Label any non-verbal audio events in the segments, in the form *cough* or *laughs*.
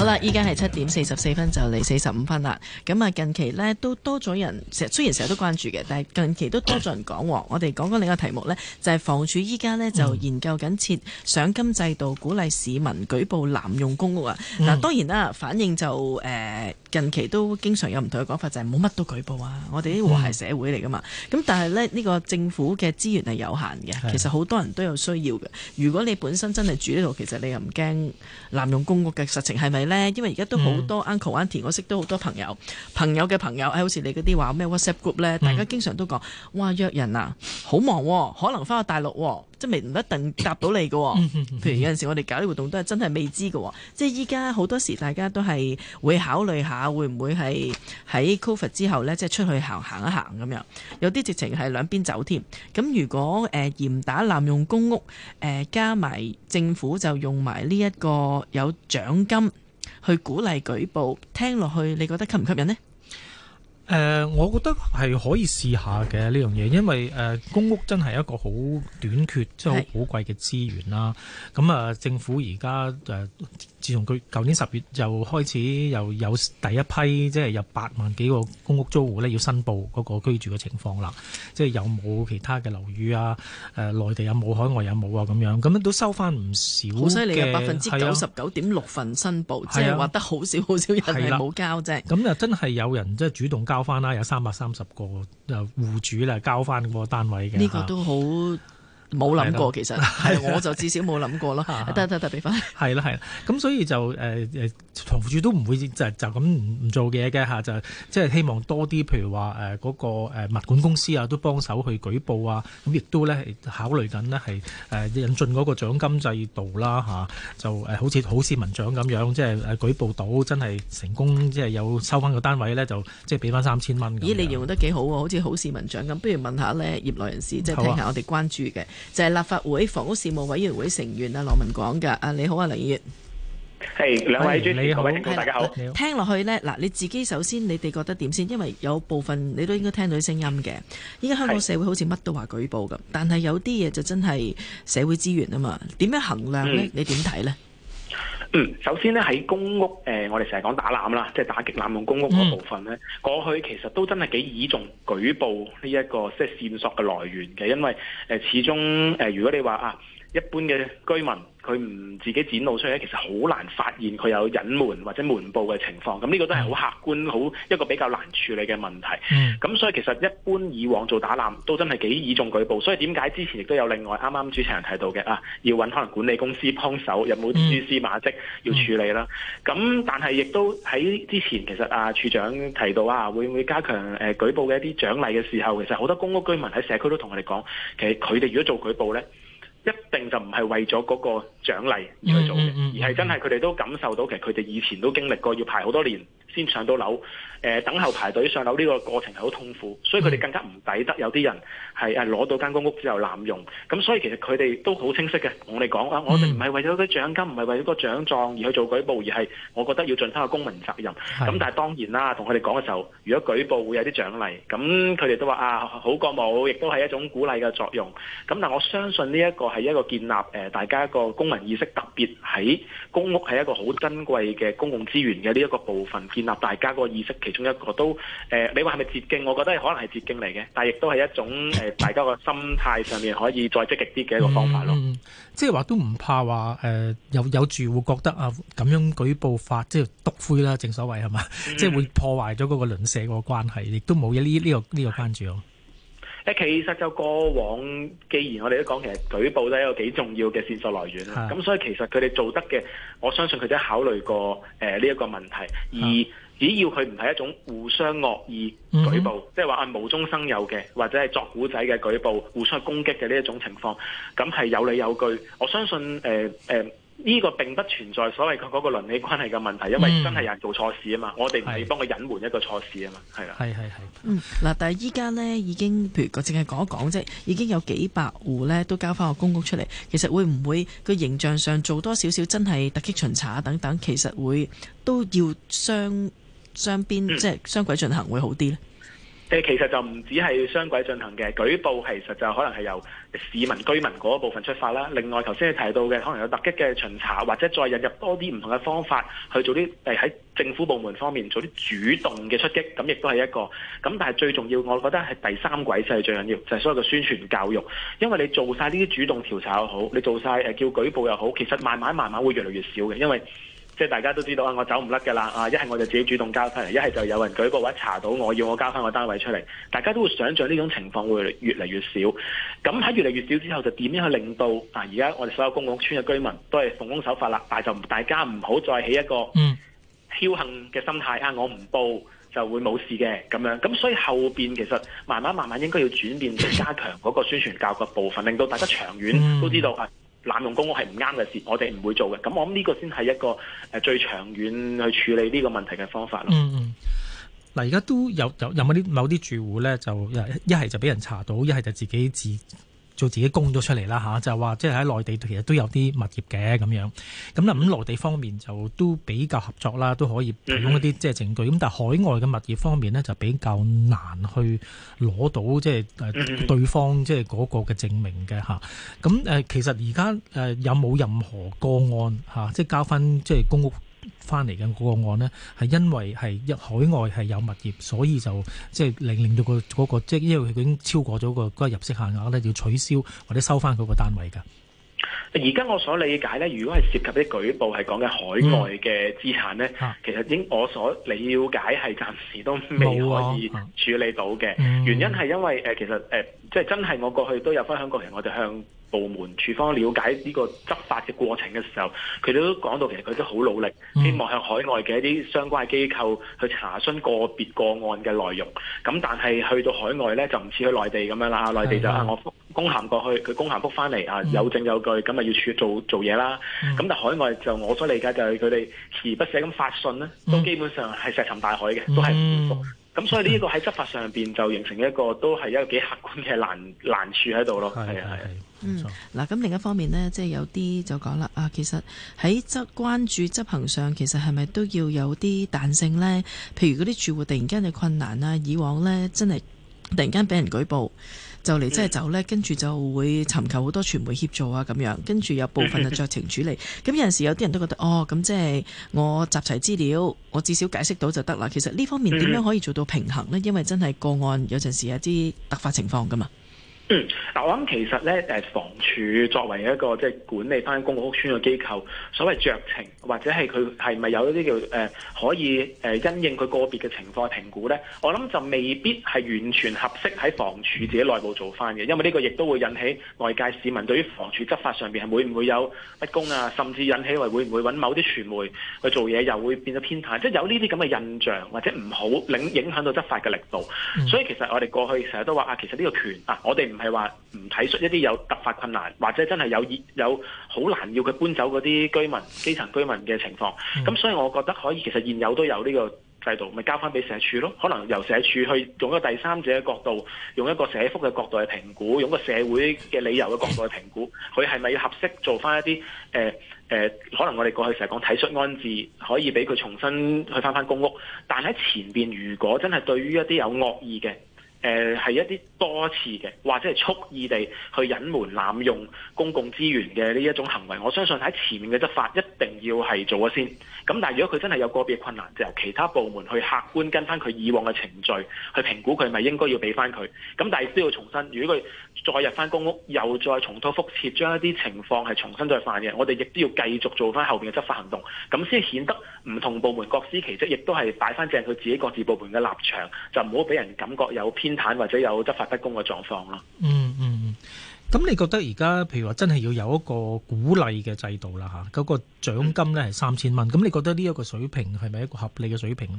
好啦，依家係七點四十四分，就嚟四十五分啦。咁啊，近期呢，都多咗人，成雖然成日都關注嘅，但係近期都多咗人講。哇我哋講緊另一個題目呢，就係、是、房署依家呢，就研究緊設賞金制度，鼓勵市民舉報濫用公屋、嗯、啊。嗱，當然啦，反應就、呃、近期都經常有唔同嘅講法，就係冇乜都舉報啊。我哋啲和諧社會嚟㗎嘛。咁、嗯、但係呢，呢、呢個政府嘅資源係有限嘅，其實好多人都有需要嘅。如果你本身真係住呢度，其實你又唔驚濫用公屋嘅實情係咪？因為而家都好多 uncle auntie，、嗯、我識都好多朋友，嗯、朋友嘅朋友，係好似你嗰啲話咩 WhatsApp group 咧，大家經常都講，嗯、哇約人啊，好忙、啊，可能翻去大陸、啊，即係唔一定答到你嘅、啊。嗯、譬如有陣時候我哋搞啲活動都係真係未知嘅、啊，嗯、即係依家好多時大家都係會考慮下會不會，會唔會係喺 COVID 之後呢，即係出去行行一行咁樣，有啲直情係兩邊走添。咁如果誒嚴、呃、打濫用公屋，誒、呃、加埋政府就用埋呢一個有獎金。去鼓勵舉報，聽落去你覺得吸唔吸引呢？誒、呃，我覺得係可以試下嘅呢樣嘢，因為誒、呃、公屋真係一個好短缺，即係好寶貴嘅資源啦。咁啊、呃，政府而家誒。呃自從佢舊年十月就開始又有第一批，即係有八萬幾個公屋租戶咧要申報嗰個居住嘅情況啦。即係有冇其他嘅樓宇啊？誒，內地有冇，海外有冇啊？咁樣咁樣都收翻唔少。好犀利啊！百分之九十九點六份申報，是啊、即係話得好少好少人係冇交啫。咁又、啊啊、真係有人即係主動交翻啦，有三百三十個誒戶主啦，交翻個單位嘅。呢個都好。冇諗過其實，係對呀 我就至少冇諗過囉。 *laughs* 得得得，俾翻。係啦係啦，咁所以就誒誒，房署都唔會就的的就咁唔唔做嘢嘅，就即係希望多啲，譬如話誒嗰個物管公司啊，都幫手去舉報啊。咁亦都咧考慮緊呢，係誒引進嗰個獎金制度啦，就好似好市民獎咁樣，即係誒舉報到真係成功，即係有收翻個單位咧，就即係俾翻三千蚊。咦，利用得幾好喎！好似好市民獎咁，不如問下咧業內人士，即係聽下我哋關注嘅。好啊就係立法會房屋事務委員會成員啊梁文廣噶，啊你好啊梁議員，hey, hey，係兩位主持人，大家好。好聽落去呢，嗱，你自己首先你哋覺得點先？因為有部分你都應該聽到啲聲音嘅。依家香港社會好似乜都話舉報咁，是但係有啲嘢就真係社會資源啊嘛，點樣衡量呢？嗯、你點睇呢？嗯，首先咧喺公屋，誒、呃、我哋成日講打濫啦，即係打擊濫用公屋嗰部分咧，嗯、過去其實都真係幾倚重舉報呢、這、一個，即、就、係、是、線索嘅來源嘅，因為、呃、始終、呃、如果你話啊，一般嘅居民。佢唔自己展露出嚟，其實好難發現佢有隱瞞或者瞞報嘅情況，咁呢個都係好客觀好一個比較難處理嘅問題。咁、嗯、所以其實一般以往做打濫都真係幾倚重舉報，所以點解之前亦都有另外啱啱主持人提到嘅啊，要搵可能管理公司幫手，有冇蛛絲馬跡要處理啦？咁、嗯、但係亦都喺之前其實啊處長提到啊，會唔會加強誒舉報嘅一啲獎勵嘅時候，其實好多公屋居民喺社區都同我哋講，其實佢哋如果做舉報咧，一定就唔係為咗嗰個。獎勵而去做嘅，嗯嗯嗯、而係真係佢哋都感受到，其實佢哋以前都經歷過要排好多年先上到樓，誒、呃、等候排隊上樓呢個過程係好痛苦，所以佢哋更加唔抵得有啲人係誒攞到間公屋之後濫用，咁所以其實佢哋都好清晰嘅，我哋講啊，我哋唔係為咗啲獎金，唔係為咗個獎狀而去做舉報，而係我覺得要盡翻個公民責任。咁但係當然啦，同佢哋講嘅時候，如果舉報會有啲獎勵，咁佢哋都話啊好過冇，亦都係一種鼓勵嘅作用。咁但我相信呢一個係一個建立誒、呃、大家一個公。公民意識特別喺公屋係一個好珍貴嘅公共資源嘅呢一個部分，建立大家嗰個意識，其中一個都誒、呃，你話係咪捷徑？我覺得可能係捷徑嚟嘅，但係亦都係一種誒、呃，大家個心態上面可以再積極啲嘅一個方法咯、嗯。即係話都唔怕話誒、呃，有有住戶覺得啊，咁樣舉報法即係篤灰啦，正所謂係嘛，嗯、即係會破壞咗嗰個鄰舍個關係，亦都冇呢呢個呢、呢個關注咯。誒其實就過往，既然我哋都講，其實舉報都係一個幾重要嘅線索來源啦。咁的所以其實佢哋做得嘅，我相信佢哋都考慮過誒呢一個問題。而只要佢唔係一種互相惡意舉報，的即係話係無中生有嘅，或者係作古仔嘅舉報，互相攻擊嘅呢一種情況，咁係有理有據。我相信誒、呃呃呢個並不存在所謂嘅嗰個倫理關係嘅問題，因為真係有人做錯事啊嘛，嗯、我哋唔係幫佢隱瞞一個錯事啊嘛，係啦是，係係係。的嗯嗱，但係依家呢已經，譬如我，淨係講一講啫，已經有幾百戶呢都交翻個公屋出嚟，其實會唔會個形象上做多少少真係突擊巡查等等，其實會都要雙雙邊即係雙軌進行會好啲呢。誒其實就唔止係雙軌進行嘅舉報，其實就可能係由市民居民嗰一部分出發啦。另外，頭先你提到嘅可能有突擊嘅巡查，或者再引入多啲唔同嘅方法去做啲誒喺政府部門方面做啲主動嘅出擊，咁亦都係一個。咁但係最，最重要，我覺得係第三軌係最緊要，就係、是、所謂嘅宣傳教育。因為你做晒呢啲主動調查又好，你做晒誒叫舉報又好，其實慢慢慢慢會越嚟越少嘅，因為。即係大家都知道啊，我走唔甩嘅啦啊！一係我就自己主動交翻嚟，一係就有人舉報或者查到我要我交翻個單位出嚟。大家都會想象呢種情況會越嚟越少。咁喺越嚟越少之後，就點樣去令到啊？而家我哋所有公共村嘅居民都係奉公守法啦，但就大家唔好再起一個僥幸嘅心態啊！我唔報就會冇事嘅咁樣。咁所以後邊其實慢慢慢慢應該要轉變，加強嗰個宣傳教育部分，令到大家長遠都知道啊。嗯濫用公屋係唔啱嘅事，我哋唔會做嘅。咁我諗呢個先係一個誒最長遠去處理呢個問題嘅方法咯。嗯嗯，嗱，而家都有有有冇啲某啲住戶咧，就一係就俾人查到，一係就自己治。做自己供咗出嚟啦吓，就話即係喺內地其實都有啲物業嘅咁樣咁啦，咁內地方面就都比較合作啦，都可以提供一啲即係證據，咁但係海外嘅物業方面咧就比較難去攞到即係誒對方即係嗰個嘅證明嘅吓，咁誒，其實而家誒有冇任何個案吓，即係交翻即係公屋？翻嚟緊個案呢，係因為係海外係有物業，所以就即係令令到、個嗰個即係因為佢已經超過咗個入息限額咧，要取消或者收翻嗰個單位嘅。而家我所理解呢，如果係涉及啲舉報係講嘅海外嘅資產呢，嗯、其實應我所理解係暫時都未可以處理到嘅。啊嗯、原因係因為誒，其實誒，即係真係我過去都有分享過，係我就向。部門處方了解呢個執法嘅過程嘅時候，佢都講到其實佢都好努力，希望向海外嘅一啲相關機構去查詢個別個案嘅內容。咁但係去到海外咧就唔似去內地咁樣啦，內地就啊的我公函過去，佢公函覆翻嚟啊，有證有據，咁咪要處做做嘢啦。咁、嗯、但海外就我所理解就係佢哋鍥而不捨咁發信咧，都基本上係石沉大海嘅，都係唔咁 *laughs* 所以呢個喺執法上邊就形成一個都係一個幾客觀嘅難難處喺度咯，係啊係。嗯，嗱咁錯另一方面呢，即係有啲就講啦，啊其實喺執關注執行上，其實係咪都要有啲彈性呢？譬如嗰啲住戶突然間嘅困難啊，以往呢真係突然間俾人舉報。就嚟真係走呢，跟住就會尋求好多傳媒協助啊，咁樣跟住有部分就酌情處理。咁 *laughs* 有陣時有啲人都覺得哦，咁即係我集齊資料，我至少解釋到就得啦。其實呢方面點樣可以做到平衡呢？因為真係個案有陣時有啲突發情況噶嘛。嗯，嗱我諗其實咧，房署作為一個即係管理翻公共屋邨嘅機構，所謂酌情或者係佢係咪有啲叫、呃、可以因應佢個別嘅情況評估咧？我諗就未必係完全合適喺房署自己內部做翻嘅，因為呢個亦都會引起外界市民對於房署執法上面係會唔會有不公啊，甚至引起話會唔會揾某啲傳媒去做嘢又會變咗偏袒，即係有呢啲咁嘅印象或者唔好影響到執法嘅力度。嗯、所以其實我哋過去成日都話啊，其實呢個權啊，我哋唔。係話唔體恤一啲有突發困難，或者真係有有好難要佢搬走嗰啲居民、基層居民嘅情況。咁所以我覺得可以，其實現有都有呢個制度，咪交翻俾社署咯。可能由社署去用一個第三者嘅角度，用一個社福嘅角度去評估，用個社會嘅理由嘅角度去評估，佢係咪要合適做翻一啲、呃呃、可能我哋過去成日講體恤安置，可以俾佢重新去翻翻公屋。但喺前面，如果真係對於一啲有惡意嘅，誒係一啲多次嘅，或者係蓄意地去隱瞞、濫用公共資源嘅呢一種行為，我相信喺前面嘅執法一定要係做咗先。咁但係如果佢真係有個別困難，就由其他部門去客觀跟翻佢以往嘅程序去評估佢咪應該要俾翻佢。咁但係都要重新，如果佢再入翻公屋，又再重蹈覆轍，將一啲情況係重新再犯嘅，我哋亦都要繼續做翻後面嘅執法行動，咁先顯得唔同部門各司其職，亦都係擺翻正佢自己各自部門嘅立場，就唔好俾人感覺有偏。或者有執法不公嘅狀況咯。嗯嗯，咁你覺得而家譬如話真係要有一個鼓勵嘅制度啦吓，嗰、嗰個獎金咧係三千蚊，咁、嗯、你覺得呢一個水平係咪一個合理嘅水平咧？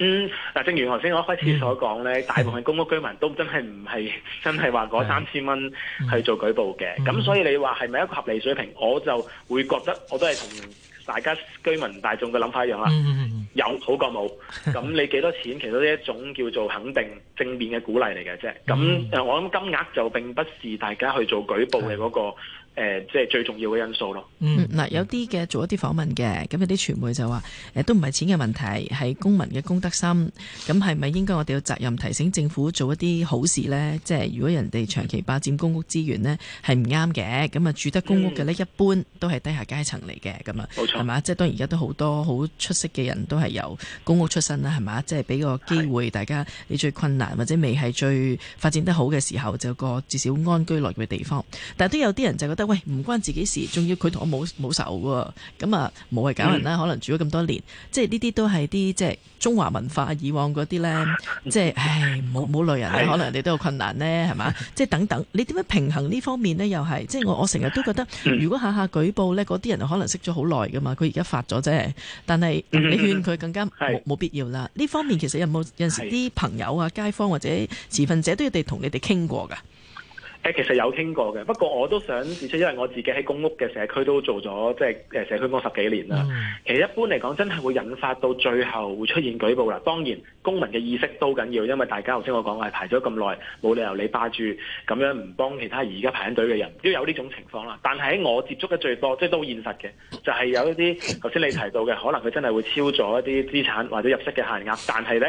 嗯，嗱，正如頭先我一開始所講咧，嗯、大部分公屋居民都真係唔係真係話攞三千蚊去做舉報嘅，咁、嗯、所以你話係咪一個合理水平，我就會覺得我都係同。大家居民大眾嘅諗法一樣啦，嗯嗯、有好過冇。咁你幾多錢？ *laughs* 其實都係一種叫做肯定正面嘅鼓勵嚟嘅啫。咁、嗯呃、我諗金額就並不是大家去做舉報嘅嗰、嗰個。誒，即係最重要嘅因素咯。嗯，嗱，有啲嘅做一啲訪問嘅，咁有啲傳媒就話，誒、呃、都唔係錢嘅問題，係公民嘅公德心。咁係咪應該我哋有責任提醒政府做一啲好事呢？即係如果人哋長期霸佔公屋資源呢，係唔啱嘅。咁啊，住得公屋嘅呢，一般都係低下階層嚟嘅，咁啊，冇錯，係嘛？即係當然而家都好多好出色嘅人都係由公屋出身啦，係嘛？即係俾個機會是大家你最困難或者未係最發展得好嘅時候，就有個至少安居樂業嘅地方。但係都有啲人就覺得。喂，唔關自己事，仲要佢同我冇冇仇嘅，咁啊冇謂搞人啦。嗯、可能住咗咁多年，即係呢啲都係啲即係中華文化以往嗰啲咧，即係唉冇冇類人的可能人哋都有困難呢，係嘛？ *laughs* 即係等等，你點樣平衡呢方面呢？又係即係我我成日都覺得，如果下下舉報咧，嗰啲人可能識咗好耐㗎嘛，佢而家發咗啫。但係你勸佢更加冇、嗯、必要啦。呢的方面其實有冇有，有時啲朋友啊、街坊或者持份者都要哋同你哋傾過㗎。其實有聽過嘅，不過我都想指出，因為我自己喺公屋嘅社區都做咗，即係誒社區工十幾年啦。其實一般嚟講，真係會引發到最後會出現舉報啦。當然，公民嘅意識都緊要，因為大家頭先我講話排咗咁耐，冇理由你霸住咁樣唔幫其他而家排緊隊嘅人，都有呢種情況啦。但係喺我接觸嘅最多，即係都現實嘅，就係有一啲頭先你提到嘅，可能佢真係會超咗一啲資產或者入息嘅限額，但係呢，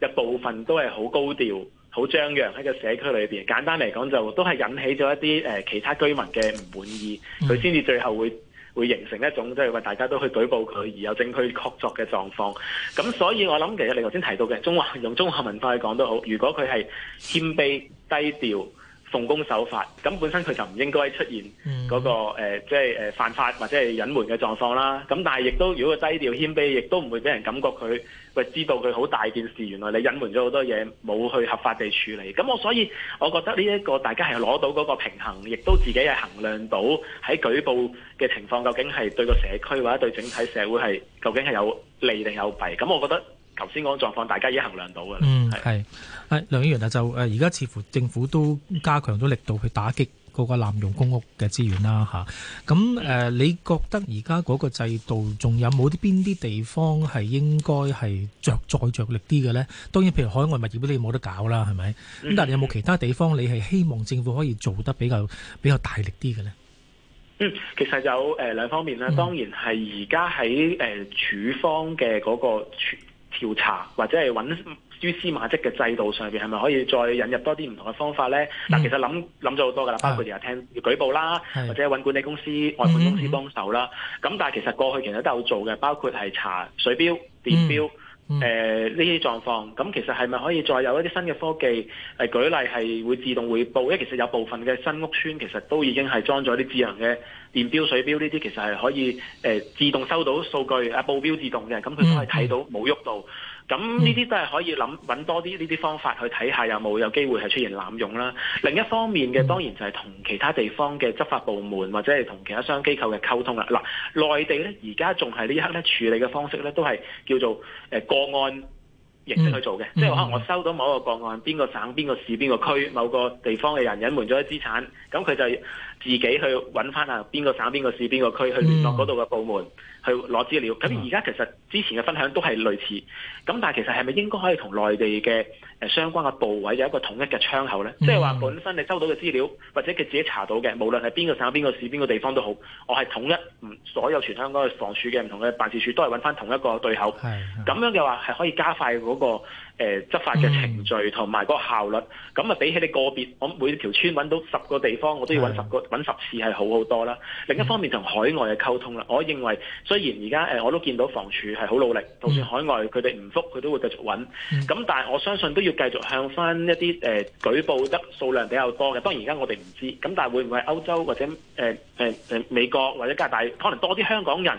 有部分都係好高調。好張揚喺個社區裏面，簡單嚟講就都係引起咗一啲、呃、其他居民嘅唔滿意，佢先至最後會會形成一種即係話大家都去舉報佢，而有證據確鑿嘅狀況。咁所以我諗其實你頭先提到嘅中華用中華文化去講都好，如果佢係謙卑低調，奉公守法，咁本身佢就唔應該出現嗰、嗰個、嗯呃、即係犯法或者係隱瞞嘅狀況啦。咁但係亦都如果低調謙卑，亦都唔會俾人感覺佢，喂，知道佢好大件事，原來你隱瞞咗好多嘢，冇去合法地處理。咁我所以，我覺得呢、呢、一個大家係攞到嗰個平衡，亦都自己係衡量到喺舉報嘅情況，究竟係對個社區或者對整體社會係究竟係有利定有弊。咁我覺得。頭先講狀況，大家已經衡量到㗎喇。嗯，係。係梁議員啊，就誒而家似乎政府都加強咗力度去打擊嗰個濫用公屋嘅資源啦，嚇、嗯。咁誒、啊，呃嗯、你覺得而家嗰個制度仲有冇啲邊啲地方係應該係著再着力啲嘅呢？當然，譬如海外物業你冇得搞啦，係咪？咁、嗯、但係有冇其他地方你係希望政府可以做得比較比較大力啲嘅呢？嗯，其實有誒、呃、兩方面啦。嗯、當然係而家喺誒處方嘅嗰、那個調查或者係揾蛛絲馬跡嘅制度上邊，係咪可以再引入多啲唔同嘅方法咧？嗱、嗯，其實諗諗咗好多噶啦，包括而家聽、啊、舉報啦，是或者揾管理公司、外判公司幫手啦。咁、嗯、但係其實過去其實都有做嘅，包括係查水錶、電錶。嗯誒呢啲狀況，咁其實係咪可以再有一啲新嘅科技？誒、呃、舉例係會自動匯報，因為其實有部分嘅新屋邨其實都已經係裝咗啲智能嘅電表、水表呢啲，其實係可以、呃、自動收到數據啊報表自動嘅，咁佢都係睇到冇喐到。咁呢啲都係可以諗揾多啲呢啲方法去睇下有冇有，有機會係出現濫用啦。另一方面嘅、嗯、當然就係同其他地方嘅執法部門或者係同其他商機構嘅溝通啦。嗱、嗯，嗯嗯、內地呢而家仲係呢一刻咧處理嘅方式呢，都係叫做誒、呃、個案形式去做嘅，嗯嗯、即係可能我收到某一個個案，邊個省、邊個市、邊個區某個地方嘅人隱瞞咗啲資產，咁佢就。自己去揾翻啊，邊個省、邊個市、邊個區去聯絡嗰度嘅部門、mm hmm. 去攞資料。咁而家其實之前嘅分享都係類似，咁、mm hmm. 但係其實係咪應該可以同內地嘅相關嘅部委有一個統一嘅窗口呢？即係話本身你收到嘅資料或者佢自己查到嘅，無論係邊個省、邊個市、邊個地方都好，我係統一唔所有全香港嘅房署嘅唔同嘅辦事處都係揾翻同一個對口。咁、mm hmm. 樣嘅話係可以加快嗰、那個。誒執法嘅程序同埋個效率，咁啊、嗯、比起你個別，我每條村揾到十個地方，我都要揾十個揾的十次係好好多啦。另一方面同、嗯、海外嘅溝通啦，我認為雖然而家我都見到房署係好努力，就算海外佢哋唔覆，佢都會繼續揾。咁、嗯、但係我相信都要繼續向翻一啲誒、呃、舉報得數量比較多嘅。當然而家我哋唔知，咁但係會唔會係歐洲或者誒、呃呃、美國或者加拿大，可能多啲香港人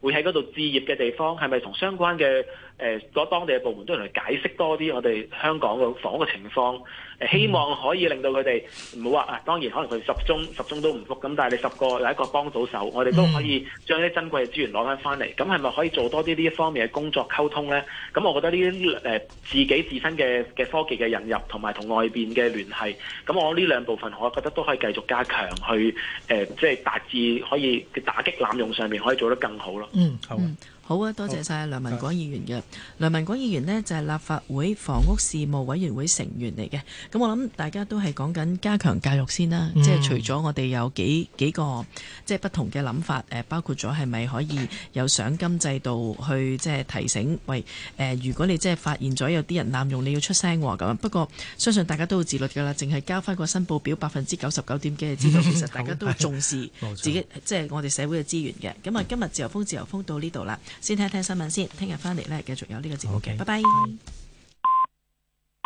會喺嗰度置業嘅地方，係咪同相關嘅？誒，個、呃、當地嘅部門都能解釋多啲我哋香港個房嘅情況、呃，希望可以令到佢哋唔好話啊。當然可能佢十宗十中都唔覆，咁但係你十個有一個幫到手，我哋都可以將啲珍貴嘅資源攞翻翻嚟。咁係咪可以做多啲呢一方面嘅工作溝通咧？咁我覺得呢啲誒自己自身嘅嘅科技嘅引入同埋同外面嘅聯繫。咁我呢兩部分我覺得都可以繼續加強去誒、呃，即係達至可以嘅打擊濫用上面可以做得更好咯。嗯，好。嗯好啊，多謝晒梁文廣議員嘅。Oh, uh, 梁文廣議員呢，就係、是、立法會房屋事務委員會成員嚟嘅。咁我諗大家都係講緊加強教育先啦，mm. 即係除咗我哋有幾幾個即係不同嘅諗法，包括咗係咪可以有賞金制度去即係提醒，喂，呃、如果你即係發現咗有啲人濫用，你要出聲喎咁。不過相信大家都要自律㗎啦，淨係交翻個申報表百分之九十九點幾，知道 *laughs* 其實大家都重視自己 *laughs* 錯即係我哋社會嘅資源嘅。咁啊，今日自由風自由風到呢度啦。先睇睇新聞先，聽日翻嚟咧繼續有呢個節目，嘅。Okay. 拜拜。